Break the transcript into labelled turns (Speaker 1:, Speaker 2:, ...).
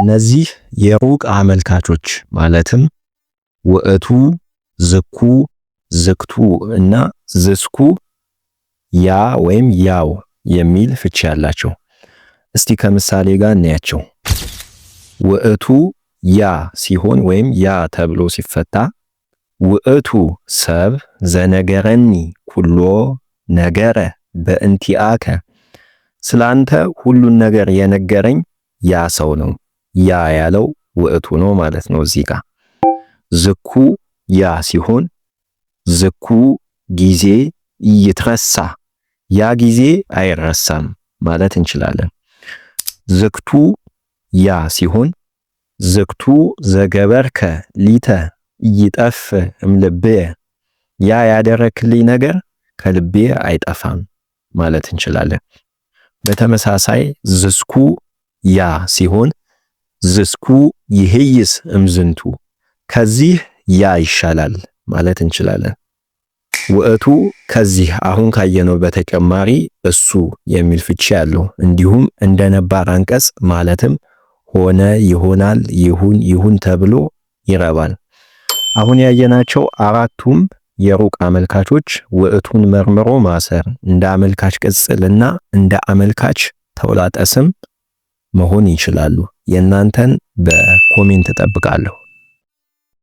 Speaker 1: እነዚህ የሩቅ አመልካቾች ማለትም ውእቱ፣ ዝኩ፣ ዝክቱ እና ዝስኩ ያ ወይም ያው የሚል ፍቺ ያላቸው። እስቲ ከምሳሌ ጋር እናያቸው። ውእቱ ያ ሲሆን ወይም ያ ተብሎ ሲፈታ ውእቱ ሰብ ዘነገረኒ ኩሎ ነገረ በእንቲአከ ስላንተ ሁሉን ነገር የነገረኝ ያ ሰው ነው ያ ያለው ውእቱ ነው ማለት ነው። እዚህ ጋር ዝኩ ያ ሲሆን ዝኩ ጊዜ ይትረሳ ያ ጊዜ አይረሳም ማለት እንችላለን። ዝክቱ ያ ሲሆን ዝክቱ ዘገበርከ ሊተ ይጠፍ እምልብየ ያ ያደረክልኝ ነገር ከልቤ አይጠፋም ማለት እንችላለን። በተመሳሳይ ዝስኩ ያ ሲሆን ዝስኩ ይህይስ እምዝንቱ ከዚህ ያ ይሻላል ማለት እንችላለን። ውእቱ ከዚህ አሁን ካየነው በተጨማሪ እሱ የሚል ፍቺ ያለው እንዲሁም እንደ ነባር አንቀጽ ማለትም ሆነ፣ ይሆናል፣ ይሁን፣ ይሁን ተብሎ ይረባል። አሁን ያየናቸው አራቱም የሩቅ አመልካቾች ውእቱን መርምሮ ማሰር እንደ አመልካች ቅጽልና እንደ አመልካች ተውላጠ ስም መሆን ይችላሉ። የእናንተን በኮሜንት እጠብቃለሁ።